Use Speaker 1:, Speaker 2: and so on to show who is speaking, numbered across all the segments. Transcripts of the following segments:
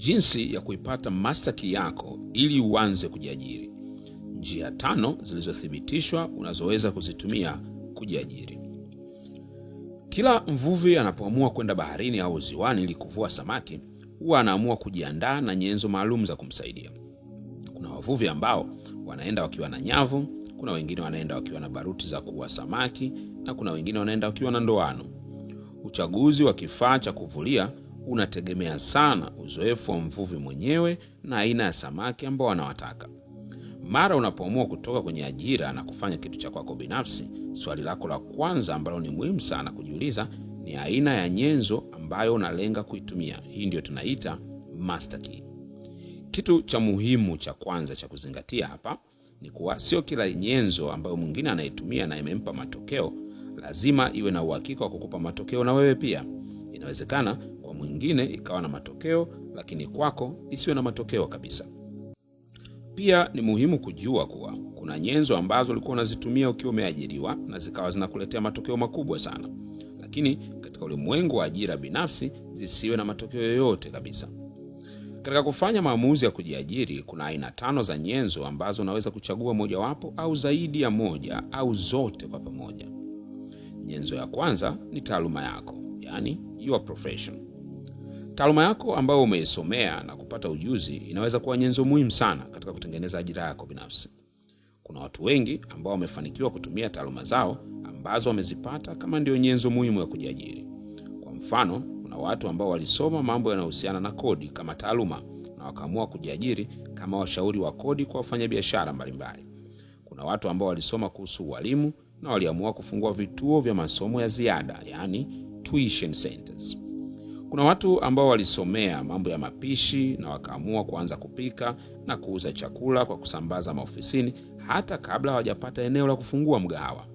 Speaker 1: Jinsi ya kuipata mastaki yako ili uanze kujiajiri. Njia tano zilizothibitishwa unazoweza kuzitumia kujiajiri. Kila mvuvi anapoamua kwenda baharini au ziwani ili kuvua samaki, huwa anaamua kujiandaa na nyenzo maalum za kumsaidia. Kuna wavuvi ambao wanaenda wakiwa na nyavu, kuna wengine wanaenda wakiwa na baruti za kuua samaki, na kuna wengine wanaenda wakiwa na ndoano. Uchaguzi wa kifaa cha kuvulia unategemea sana uzoefu wa mvuvi mwenyewe na aina ya samaki ambao anawataka. Mara unapoamua kutoka kwenye ajira na kufanya kitu cha kwako binafsi, swali lako la kwanza ambalo ni muhimu sana kujiuliza ni aina ya nyenzo ambayo unalenga kuitumia. Hii ndio tunaita master key. Kitu cha muhimu cha kwanza cha kuzingatia hapa ni kuwa sio kila nyenzo ambayo mwingine anaitumia na imempa matokeo lazima iwe na uhakika wa kukupa matokeo na wewe pia. Inawezekana mwingine ikawa na matokeo, lakini kwako isiwe na matokeo kabisa. Pia ni muhimu kujua kuwa kuna nyenzo ambazo ulikuwa unazitumia ukiwa umeajiriwa na zikawa zinakuletea matokeo makubwa sana, lakini katika ulimwengu wa ajira binafsi zisiwe na matokeo yoyote kabisa. Katika kufanya maamuzi ya kujiajiri, kuna aina tano za nyenzo ambazo unaweza kuchagua mojawapo au zaidi ya moja au zote kwa pamoja. Nyenzo ya kwanza ni taaluma yako, yani your profession. Taaluma yako ambayo umeisomea na kupata ujuzi inaweza kuwa nyenzo muhimu sana katika kutengeneza ajira yako binafsi. Kuna watu wengi ambao wamefanikiwa kutumia taaluma zao ambazo wamezipata kama ndiyo nyenzo muhimu ya kujiajiri. Kwa mfano, kuna watu ambao walisoma mambo yanayohusiana na kodi kama taaluma na wakaamua kujiajiri kama washauri wa kodi kwa wafanyabiashara mbalimbali. Kuna watu ambao walisoma kuhusu ualimu na waliamua kufungua vituo vya masomo ya ziada, yaani tuition centers. Kuna watu ambao walisomea mambo ya mapishi na wakaamua kuanza kupika na kuuza chakula kwa kusambaza maofisini hata kabla hawajapata eneo la kufungua mgahawa.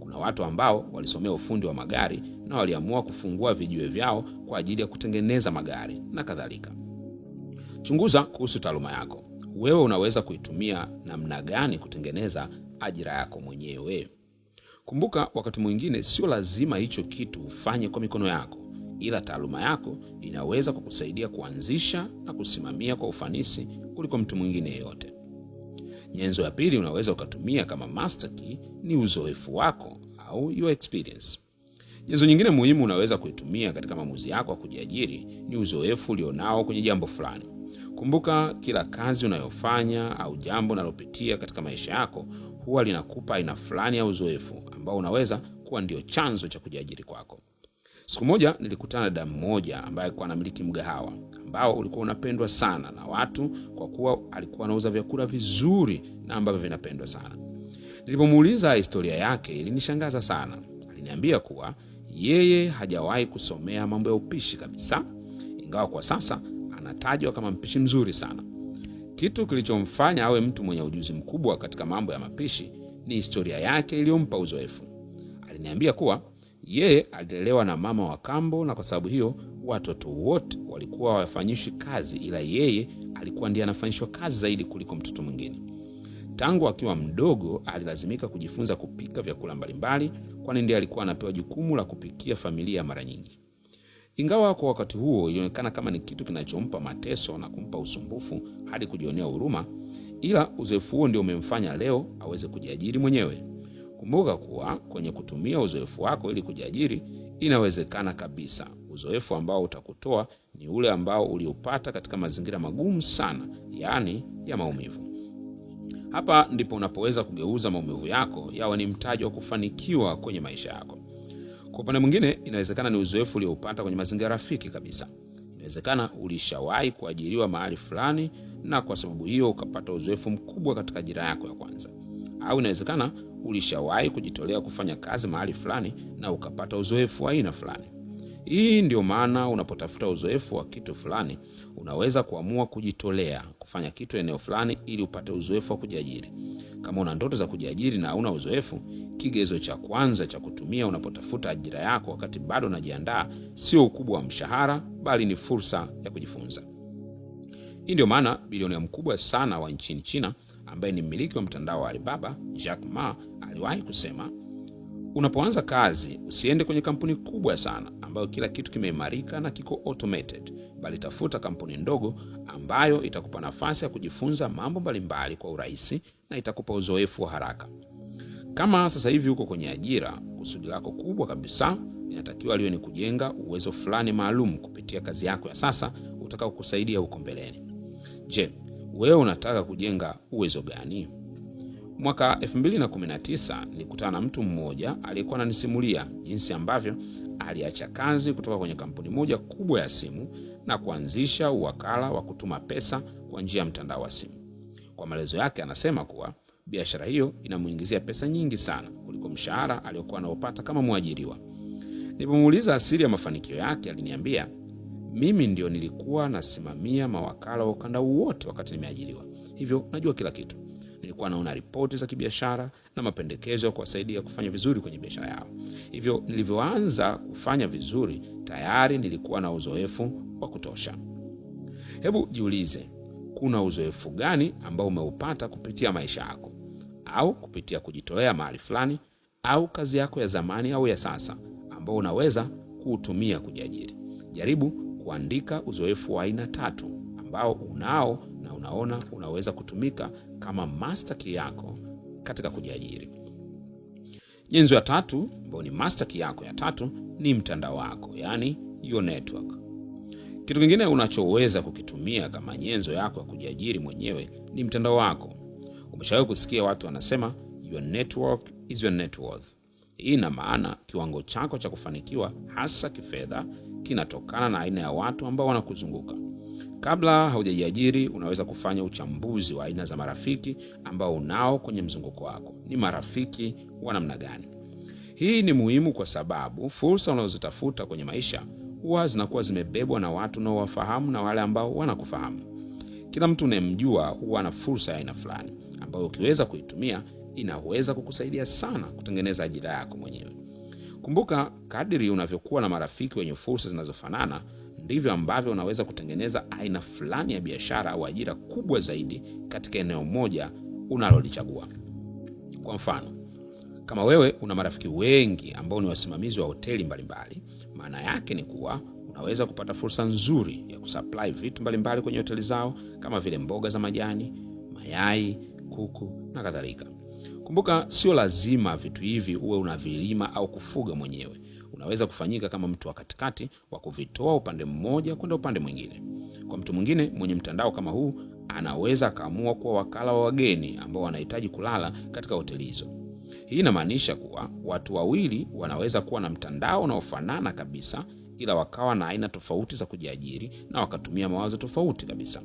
Speaker 1: Kuna watu ambao walisomea ufundi wa magari na waliamua kufungua vijiwe vyao kwa ajili ya kutengeneza magari na kadhalika. Chunguza kuhusu taaluma yako. Wewe unaweza kuitumia namna gani kutengeneza ajira yako mwenyewe? Kumbuka, wakati mwingine sio lazima hicho kitu ufanye kwa mikono yako ila taaluma yako inaweza kukusaidia kuanzisha na kusimamia kwa ufanisi kuliko mtu mwingine yeyote. Nyenzo ya pili unaweza ukatumia kama master key ni uzoefu wako au your experience. Nyenzo nyingine muhimu unaweza kuitumia katika maamuzi yako ya kujiajiri ni uzoefu ulionao kwenye jambo fulani. Kumbuka, kila kazi unayofanya au jambo unalopitia katika maisha yako huwa linakupa aina fulani ya uzoefu ambao unaweza kuwa ndio chanzo cha kujiajiri kwako. Siku moja nilikutana na damu moja ambaye alikuwa anamiliki mgahawa ambao ulikuwa unapendwa sana na watu kwa kuwa alikuwa anauza vyakula vizuri na ambavyo vinapendwa sana. Nilipomuuliza historia yake, ilinishangaza sana. Aliniambia kuwa yeye hajawahi kusomea mambo ya upishi kabisa, ingawa kwa sasa anatajwa kama mpishi mzuri sana. Kitu kilichomfanya awe mtu mwenye ujuzi mkubwa katika mambo ya mapishi ni historia yake iliyompa uzoefu. Aliniambia kuwa yeye alilelewa na mama wa kambo, na kwa sababu hiyo watoto wote walikuwa wafanyishi kazi, ila yeye alikuwa ndiye anafanyishwa kazi zaidi kuliko mtoto mwingine. Tangu akiwa mdogo alilazimika kujifunza kupika vyakula mbalimbali, kwani ndiye alikuwa anapewa jukumu la kupikia familia mara nyingi. Ingawa kwa wakati huo ilionekana kama ni kitu kinachompa mateso na kumpa usumbufu hadi kujionea huruma, ila uzoefu huo ndio umemfanya leo aweze kujiajiri mwenyewe. Kumbuka kuwa kwenye kutumia uzoefu wako ili kujiajiri, inawezekana kabisa. Uzoefu ambao utakutoa ni ule ambao uliopata katika mazingira magumu sana, yaani ya maumivu. Hapa ndipo unapoweza kugeuza maumivu yako yawe ni mtaji wa kufanikiwa kwenye maisha yako. Kwa upande mwingine, inawezekana ni uzoefu ulioupata kwenye mazingira rafiki kabisa. Inawezekana ulishawahi kuajiriwa mahali fulani, na kwa sababu hiyo ukapata uzoefu mkubwa katika ajira yako ya kwanza, au inawezekana ulishawahi kujitolea kufanya kazi mahali fulani na ukapata uzoefu wa aina fulani. Hii ndio maana unapotafuta uzoefu wa kitu fulani, unaweza kuamua kujitolea kufanya kitu eneo fulani ili upate uzoefu wa kujiajiri. Kama una ndoto za kujiajiri na hauna uzoefu, kigezo cha kwanza cha kutumia unapotafuta ajira yako wakati bado unajiandaa sio ukubwa wa mshahara, bali ni fursa ya kujifunza. Hii ndio maana bilionea mkubwa sana wa nchini China ambaye ni mmiliki wa mtandao wa Alibaba, Jack Ma, aliwahi kusema, unapoanza kazi usiende kwenye kampuni kubwa sana ambayo kila kitu kimeimarika na kiko automated, bali tafuta kampuni ndogo ambayo itakupa nafasi ya kujifunza mambo mbalimbali kwa urahisi na itakupa uzoefu wa haraka. Kama sasa hivi uko kwenye ajira, kusudi lako kubwa kabisa inatakiwa liwe ni kujenga uwezo fulani maalum kupitia kazi yako ya sasa utakao huko mbeleni. Je, wewe unataka kujenga uwezo gani? Mwaka 2019 nilikutana na mtu mmoja aliyekuwa ananisimulia jinsi ambavyo aliacha kazi kutoka kwenye kampuni moja kubwa ya simu na kuanzisha uwakala wa kutuma pesa kwa njia ya mtandao wa simu. Kwa maelezo yake, anasema kuwa biashara hiyo inamuingizia pesa nyingi sana kuliko mshahara aliyokuwa anaopata kama mwajiriwa. Nilipomuuliza asili ya mafanikio yake, aliniambia mimi ndio nilikuwa nasimamia mawakala wa ukanda wote wakati nimeajiriwa, hivyo najua kila kitu. Nilikuwa naona ripoti za kibiashara na mapendekezo ya kuwasaidia kufanya vizuri kwenye biashara yao. Hivyo nilivyoanza kufanya vizuri, tayari nilikuwa na uzoefu wa kutosha. Hebu jiulize, kuna uzoefu gani ambao umeupata kupitia maisha yako au kupitia kujitolea mahali fulani au kazi yako ya zamani au ya sasa ambao unaweza kuutumia kujiajiri? Jaribu kuandika uzoefu wa aina tatu ambao unao na unaona unaweza kutumika kama master key yako katika kujiajiri. Nyenzo ya tatu ambayo ni master key yako ya tatu ni mtandao wako, yaani your network. Kitu kingine unachoweza kukitumia kama nyenzo yako ya kujiajiri mwenyewe ni mtandao wako. Umeshawahi kusikia watu wanasema your network is your net worth. Hii ina maana kiwango chako cha kufanikiwa hasa kifedha kinatokana na aina ya watu ambao wanakuzunguka. Kabla haujajiajiri, unaweza kufanya uchambuzi wa aina za marafiki ambao unao kwenye mzunguko wako. Ni marafiki wa namna gani? Hii ni muhimu kwa sababu fursa unazotafuta kwenye maisha huwa zinakuwa zimebebwa na watu unaowafahamu na wale ambao wanakufahamu. Kila mtu unayemjua huwa na fursa ya aina fulani ambayo ukiweza kuitumia inaweza kukusaidia sana kutengeneza ajira yako mwenyewe. Kumbuka, kadiri unavyokuwa na marafiki wenye fursa zinazofanana ndivyo ambavyo unaweza kutengeneza aina fulani ya biashara au ajira kubwa zaidi katika eneo moja unalolichagua. Kwa mfano, kama wewe una marafiki wengi ambao ni wasimamizi wa hoteli mbalimbali, maana yake ni kuwa unaweza kupata fursa nzuri ya kusupply vitu mbalimbali kwenye hoteli zao kama vile mboga za majani, mayai, kuku na kadhalika. Kumbuka, sio lazima vitu hivi uwe unavilima au kufuga mwenyewe. Unaweza kufanyika kama mtu wa katikati wa kuvitoa upande mmoja kwenda upande mwingine. Kwa mtu mwingine mwenye mtandao kama huu, anaweza akaamua kuwa wakala wa wageni ambao wanahitaji kulala katika hoteli hizo. Hii inamaanisha kuwa watu wawili wanaweza kuwa na mtandao unaofanana kabisa, ila wakawa na aina tofauti za kujiajiri na wakatumia mawazo tofauti kabisa.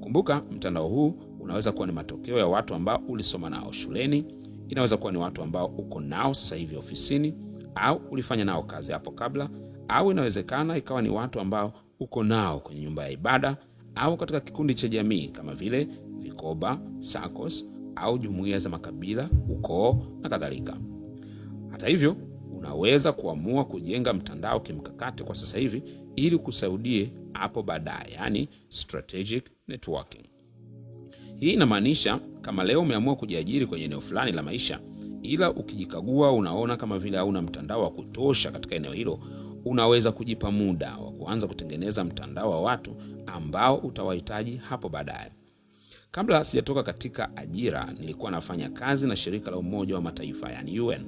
Speaker 1: Kumbuka, mtandao huu unaweza kuwa ni matokeo ya watu ambao ulisoma nao shuleni, inaweza kuwa ni watu ambao uko nao sasa hivi ofisini au ulifanya nao kazi hapo kabla, au inawezekana ikawa ni watu ambao uko nao kwenye nyumba ya ibada au katika kikundi cha jamii kama vile vikoba, sacos au jumuiya za makabila, ukoo na kadhalika. Hata hivyo, unaweza kuamua kujenga mtandao kimkakati kwa sasa hivi ili kusaudie hapo baadaye, yani strategic networking. Hii inamaanisha kama leo umeamua kujiajiri kwenye eneo fulani la maisha, ila ukijikagua unaona kama vile hauna mtandao wa kutosha katika eneo hilo, unaweza kujipa muda wa kuanza kutengeneza mtandao wa watu ambao utawahitaji hapo baadaye. Kabla sijatoka katika ajira, nilikuwa nafanya kazi na shirika la Umoja wa Mataifa, yani UN.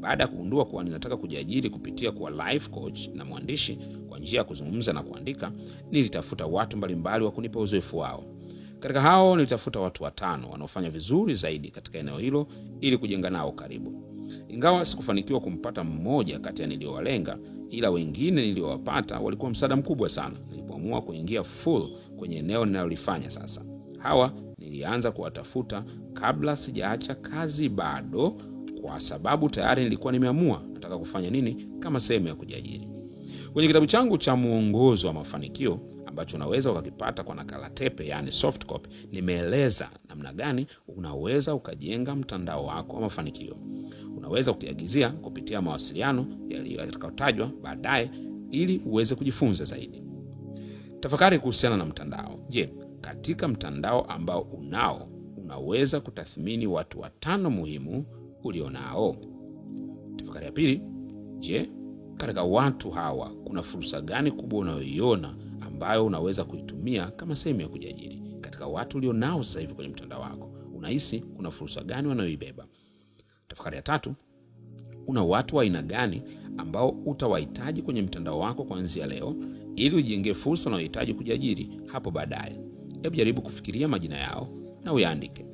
Speaker 1: Baada ya kugundua kuwa ninataka kujiajiri kupitia kuwa life coach na mwandishi kwa njia ya kuzungumza na kuandika, nilitafuta watu mbalimbali wa kunipa uzoefu wao. Katika hao nilitafuta watu watano wanaofanya vizuri zaidi katika eneo hilo ili kujenga nao karibu. Ingawa sikufanikiwa kumpata mmoja kati ya niliowalenga, ila wengine niliowapata walikuwa msaada mkubwa sana nilipoamua kuingia full kwenye eneo ninalolifanya sasa. Hawa nilianza kuwatafuta kabla sijaacha kazi bado, kwa sababu tayari nilikuwa nimeamua nataka kufanya nini kama sehemu ya kujiajiri. Kwenye kitabu changu cha Mwongozo wa Mafanikio ambacho unaweza ukakipata kwa nakala tepe, yani soft copy, nimeeleza namna gani unaweza ukajenga mtandao wako wa mafanikio. Unaweza ukiagizia kupitia mawasiliano yatakayotajwa baadaye, ili uweze kujifunza zaidi. Tafakari kuhusiana na mtandao. Je, katika mtandao ambao unao unaweza kutathmini watu watano muhimu ulionao? Tafakari ya pili, je, katika watu hawa kuna fursa gani kubwa unayoiona ambayo unaweza kuitumia kama sehemu ya kujiajiri. Katika watu ulionao sasa hivi kwenye mtandao wako, unahisi kuna fursa gani wanayoibeba? Tafakari ya tatu, kuna watu wa aina gani ambao utawahitaji kwenye mtandao wako kwanzia leo ili ujiengee fursa unayohitaji kujiajiri hapo baadaye. Hebu jaribu kufikiria majina yao na uyaandike.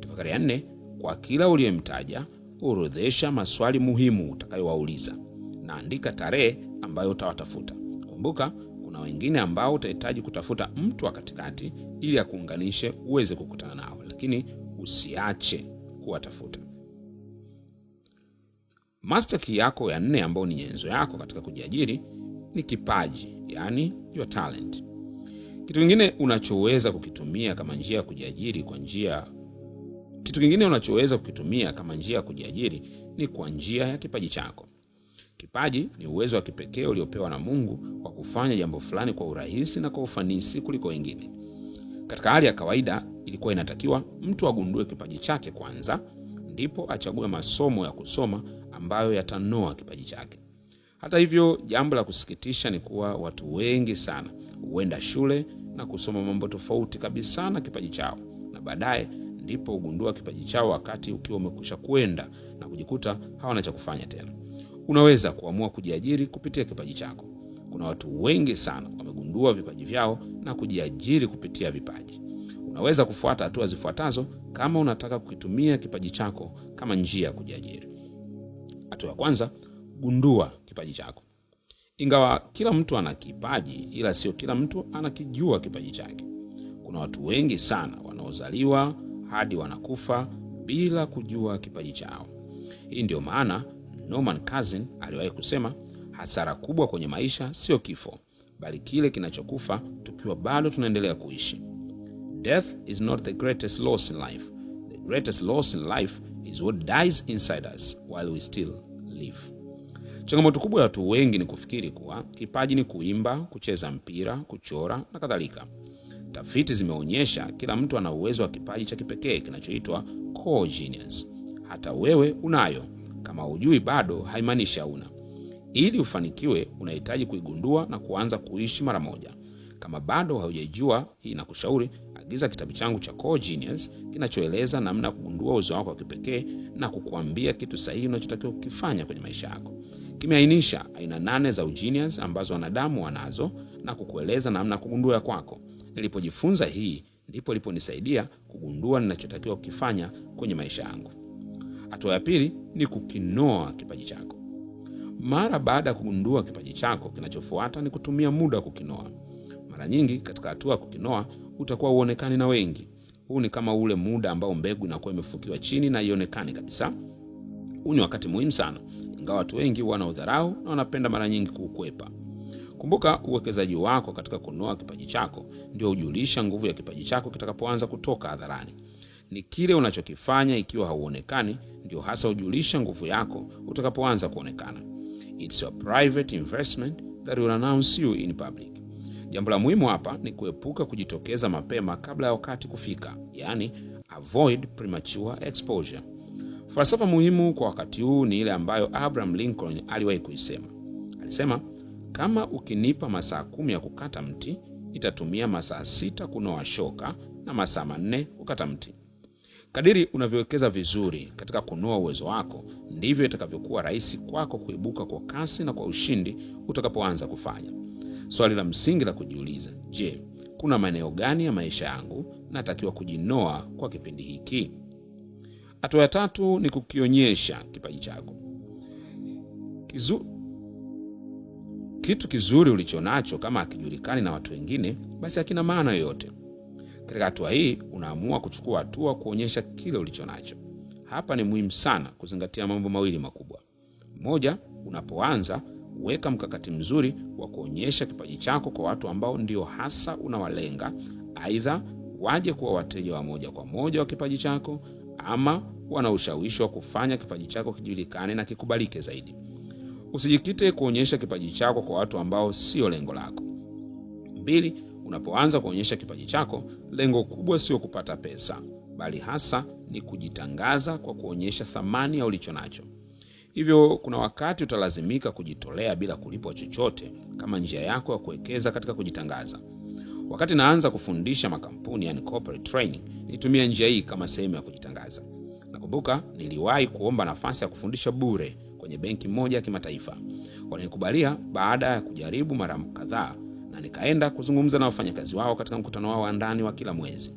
Speaker 1: Tafakari ya nne, kwa kila uliyemtaja orodhesha maswali muhimu utakayowauliza naandika tarehe ambayo utawatafuta. Kumbuka, kuna wengine ambao utahitaji kutafuta mtu wa katikati ili akuunganishe uweze kukutana nao, lakini usiache kuwatafuta. Master yako ya nne ambayo ni nyenzo yako katika kujiajiri ni kipaji, yani your talent. Kitu kingine unachoweza kukitumia kama njia ya kujiajiri kwa njia kitu kingine unachoweza kukitumia kama njia ya kujiajiri ni kwa njia ya kipaji chako. Kipaji ni uwezo wa kipekee uliopewa na Mungu wa kufanya jambo fulani kwa urahisi na kwa ufanisi kuliko wengine. Katika hali ya kawaida, ilikuwa inatakiwa mtu agundue kipaji chake kwanza, ndipo achague masomo ya kusoma ambayo yatanoa kipaji chake. Hata hivyo, jambo la kusikitisha ni kuwa watu wengi sana huenda shule na kusoma mambo tofauti kabisa na kipaji chao, na baadaye ndipo hugundua kipaji chao wakati ukiwa umekwisha kwenda na kujikuta hawana cha kufanya tena. Unaweza kuamua kujiajiri kupitia kipaji chako. Kuna watu wengi sana wamegundua vipaji vyao na kujiajiri kupitia vipaji. Unaweza kufuata hatua zifuatazo kama unataka kukitumia kipaji chako kama njia ya kujiajiri. Hatua ya kwanza, gundua kipaji chako. Ingawa kila mtu ana kipaji, ila sio kila mtu anakijua kipaji chake. Kuna watu wengi sana wanaozaliwa hadi wanakufa bila kujua kipaji chao. Hii ndiyo maana Norman Cousin aliwahi kusema, hasara kubwa kwenye maisha sio kifo, bali kile kinachokufa tukiwa bado tunaendelea kuishi. Death is not the greatest loss in life. The greatest loss in life is what dies inside us while we still live. Changamoto kubwa ya watu wengi ni kufikiri kuwa kipaji ni kuimba, kucheza mpira, kuchora na kadhalika. Tafiti zimeonyesha kila mtu ana uwezo wa kipaji cha kipekee kinachoitwa core genius. Hata wewe unayo. Kama hujui bado, haimaanishi hauna. Ili ufanikiwe, unahitaji kuigundua na kuanza kuishi mara moja. Kama bado haujaijua, nakushauri agiza kitabu changu cha Core Genius kinachoeleza namna ya kugundua uwezo wako wa kipekee na kukuambia kitu sahihi unachotakiwa kukifanya kwenye maisha yako. Kimeainisha aina nane za ugenius ambazo wanadamu wanazo na kukueleza namna ya kugundua ya kwako. Nilipojifunza hii ndipo iliponisaidia kugundua ninachotakiwa kukifanya kwenye maisha yangu. Hatua ya pili ni kukinoa kipaji chako. Mara baada ya kugundua kipaji chako, kinachofuata ni kutumia muda wa kukinoa. Mara nyingi katika hatua ya kukinoa utakuwa uonekani na wengi. Huu ni kama ule muda ambao mbegu inakuwa imefukiwa chini na ionekani kabisa. Huu ni wakati muhimu sana, ingawa watu wengi wana udharau na wanapenda mara nyingi kuukwepa. Kumbuka, uwekezaji wako katika kunoa kipaji chako ndio hujulisha nguvu ya kipaji chako kitakapoanza kutoka hadharani ni kile unachokifanya. Ikiwa hauonekani, ndio hasa hujulisha nguvu yako utakapoanza kuonekana. It's private investment that will announce you in public. Jambo la muhimu hapa ni kuepuka kujitokeza mapema kabla ya wakati kufika, yaani avoid premature exposure. Falsafa muhimu kwa wakati huu ni ile ambayo Abraham Lincoln aliwahi kuisema. Alisema, kama ukinipa masaa kumi ya kukata mti, nitatumia masaa sita kunoa shoka na masaa manne kukata mti. Kadiri unavyowekeza vizuri katika kunua uwezo wako, ndivyo itakavyokuwa rahisi kwako kuibuka kwa kasi na kwa ushindi utakapoanza kufanya. Swali la msingi la kujiuliza: je, kuna maeneo gani ya maisha yangu natakiwa kujinoa kwa kipindi hiki? Hatua ya tatu ni kukionyesha kipaji chako. Kizu, kitu kizuri ulicho nacho kama hakijulikani na watu wengine, basi hakina maana yoyote. Katika hatua hii unaamua kuchukua hatua kuonyesha kile ulicho nacho. Hapa ni muhimu sana kuzingatia mambo mawili makubwa. Moja, unapoanza weka mkakati mzuri wa kuonyesha kipaji chako kwa watu ambao ndio hasa unawalenga, aidha waje kuwa wateja wa moja kwa moja wa kipaji chako ama wana ushawishi wa kufanya kipaji chako kijulikane na kikubalike zaidi. Usijikite kuonyesha kipaji chako kwa watu ambao sio lengo lako. Mbili, Unapoanza kuonyesha kipaji chako, lengo kubwa sio kupata pesa, bali hasa ni kujitangaza kwa kuonyesha thamani ya ulicho nacho. Hivyo kuna wakati utalazimika kujitolea bila kulipwa chochote kama njia yako ya kuwekeza katika kujitangaza. Wakati naanza kufundisha makampuni, yani corporate training, nitumia njia hii kama sehemu ya kujitangaza. Nakumbuka niliwahi kuomba nafasi ya kufundisha bure kwenye benki moja ya kimataifa. Walinikubalia baada ya kujaribu mara kadhaa nikaenda kuzungumza na wafanyakazi wao katika mkutano wao wa ndani wa kila mwezi.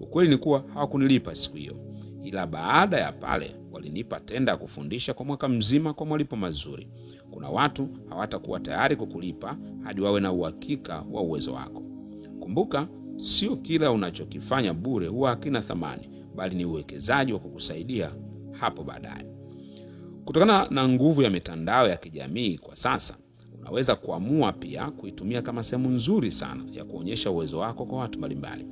Speaker 1: Ukweli ni kuwa hawakunilipa siku hiyo, ila baada ya pale walinipa tenda ya kufundisha kwa mwaka mzima kwa malipo mazuri. Kuna watu hawatakuwa tayari kukulipa hadi wawe na uhakika wa uwezo wako. Kumbuka, sio kila unachokifanya bure huwa hakina thamani, bali ni uwekezaji wa kukusaidia hapo baadaye. Kutokana na nguvu ya mitandao ya kijamii kwa sasa unaweza kuamua pia kuitumia kama sehemu nzuri sana ya kuonyesha uwezo wako kwa watu mbalimbali.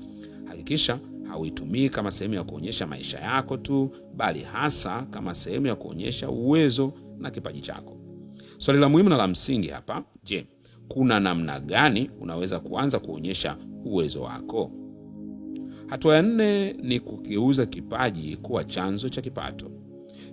Speaker 1: Hakikisha hauitumii kama sehemu ya kuonyesha maisha yako tu, bali hasa kama sehemu ya kuonyesha uwezo na kipaji chako. Swali la muhimu na la msingi hapa, je, kuna namna gani unaweza kuanza kuonyesha uwezo wako? Hatua ya nne ni kukiuza kipaji kuwa chanzo cha kipato.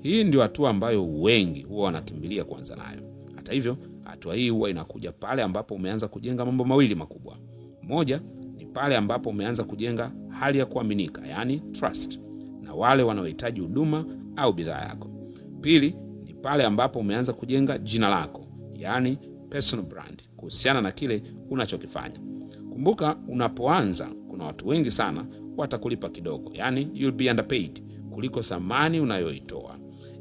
Speaker 1: Hii ndio hatua ambayo wengi huwa wanakimbilia kuanza nayo. Hata hivyo, Hatua hii huwa inakuja pale ambapo umeanza kujenga mambo mawili makubwa. Moja ni pale ambapo umeanza kujenga hali ya kuaminika, yani trust, na wale wanaohitaji huduma au bidhaa yako. Pili ni pale ambapo umeanza kujenga jina lako, yaani personal brand, kuhusiana na kile unachokifanya. Kumbuka, unapoanza kuna watu wengi sana watakulipa kidogo, yani you'll be underpaid kuliko thamani unayoitoa,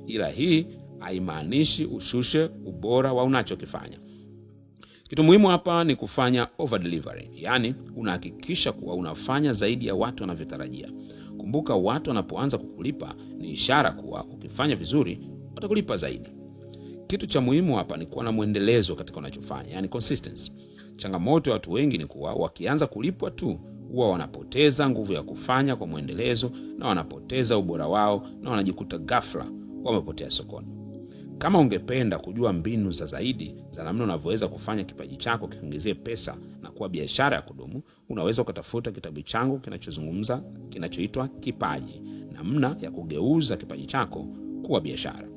Speaker 1: ila hii haimaanishi ushushe ubora wa unachokifanya. Kitu muhimu hapa ni kufanya over delivery, yaani unahakikisha kuwa unafanya zaidi ya watu wanavyotarajia. Kumbuka, watu wanapoanza kukulipa ni ishara kuwa ukifanya vizuri watakulipa zaidi. Kitu cha muhimu hapa ni kuwa na mwendelezo katika unachofanya, yani consistency. Changamoto ya watu wengi ni kuwa wakianza kulipwa tu huwa wanapoteza nguvu ya kufanya kwa mwendelezo, na wanapoteza ubora wao, na wanajikuta ghafla wamepotea sokoni. Kama ungependa kujua mbinu za zaidi za namna unavyoweza kufanya kipaji chako kikuingizie pesa na kuwa biashara ya kudumu, unaweza ukatafuta kitabu changu kinachozungumza kinachoitwa Kipaji, namna ya kugeuza kipaji chako kuwa biashara.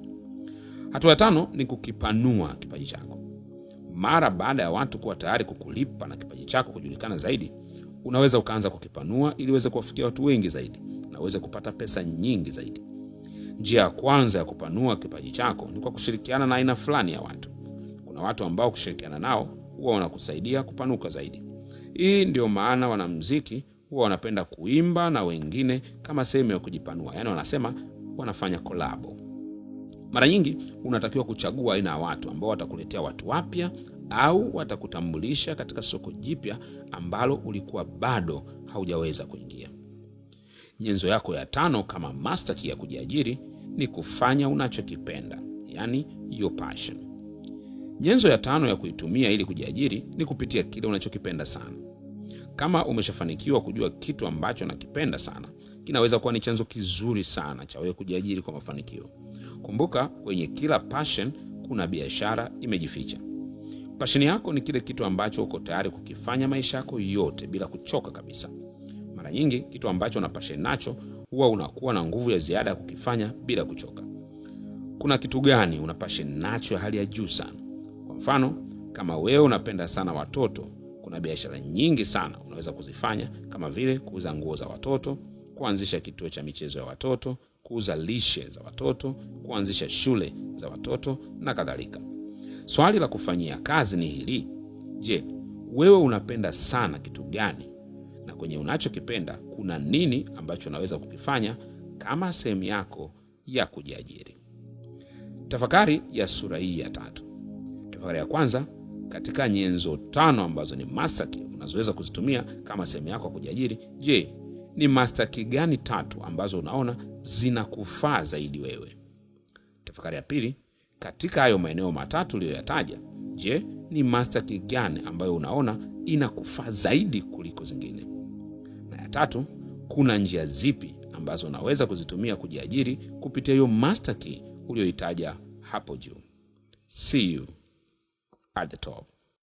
Speaker 1: Hatua ya tano ni kukipanua kipaji chako. Mara baada ya watu kuwa tayari kukulipa na kipaji chako kujulikana zaidi, unaweza ukaanza kukipanua ili uweze kuwafikia watu wengi zaidi na uweze kupata pesa nyingi zaidi. Njia ya kwanza ya kupanua kipaji chako ni kwa kushirikiana na aina fulani ya watu. Kuna watu ambao kushirikiana nao huwa wanakusaidia kupanuka zaidi. Hii ndio maana wanamuziki huwa wanapenda kuimba na wengine kama sehemu ya kujipanua, yaani wanasema wanafanya kolabo. Mara nyingi unatakiwa kuchagua aina ya watu ambao watakuletea watu wapya au watakutambulisha katika soko jipya ambalo ulikuwa bado haujaweza kuingia. Nyenzo yako ya tano kama mastaki ya kujiajiri ni kufanya unachokipenda, yani your passion. Nyenzo ya tano ya kuitumia ili kujiajiri ni kupitia kile unachokipenda sana. Kama umeshafanikiwa kujua kitu ambacho nakipenda sana, kinaweza kuwa ni chanzo kizuri sana cha wewe kujiajiri kwa mafanikio. Kumbuka, kwenye kila passion kuna biashara imejificha. Passion yako ni kile kitu ambacho uko tayari kukifanya maisha yako yote bila kuchoka kabisa. Mara nyingi kitu ambacho na nacho huwa unakuwa na nguvu ya ziada ya kukifanya bila kuchoka. Kuna kitu gani una nacho ya hali ya juu sana? Kwa mfano, kama wewe unapenda sana watoto, kuna biashara nyingi sana unaweza kuzifanya kama vile kuuza nguo za watoto, kuanzisha kituo cha michezo ya watoto, kuuza lishe za watoto, kuanzisha shule za watoto na kadhalika. Swali la kufanyia kazi ni hili: je, wewe unapenda sana kitu gani na kwenye unachokipenda kuna nini ambacho unaweza kukifanya kama sehemu yako ya kujiajiri. Tafakari ya sura hii ya tatu. Tafakari ya kwanza, katika nyenzo tano ambazo ni mastaki unazoweza kuzitumia kama sehemu yako ya kujiajiri, je, ni mastaki gani tatu ambazo unaona zinakufaa zaidi wewe? Tafakari ya pili, katika hayo maeneo matatu uliyoyataja, je, ni mastaki gani ambayo unaona inakufaa zaidi kuliko zingine? tatu, kuna njia zipi ambazo unaweza kuzitumia kujiajiri kupitia hiyo master key hapo juu. See you at the top.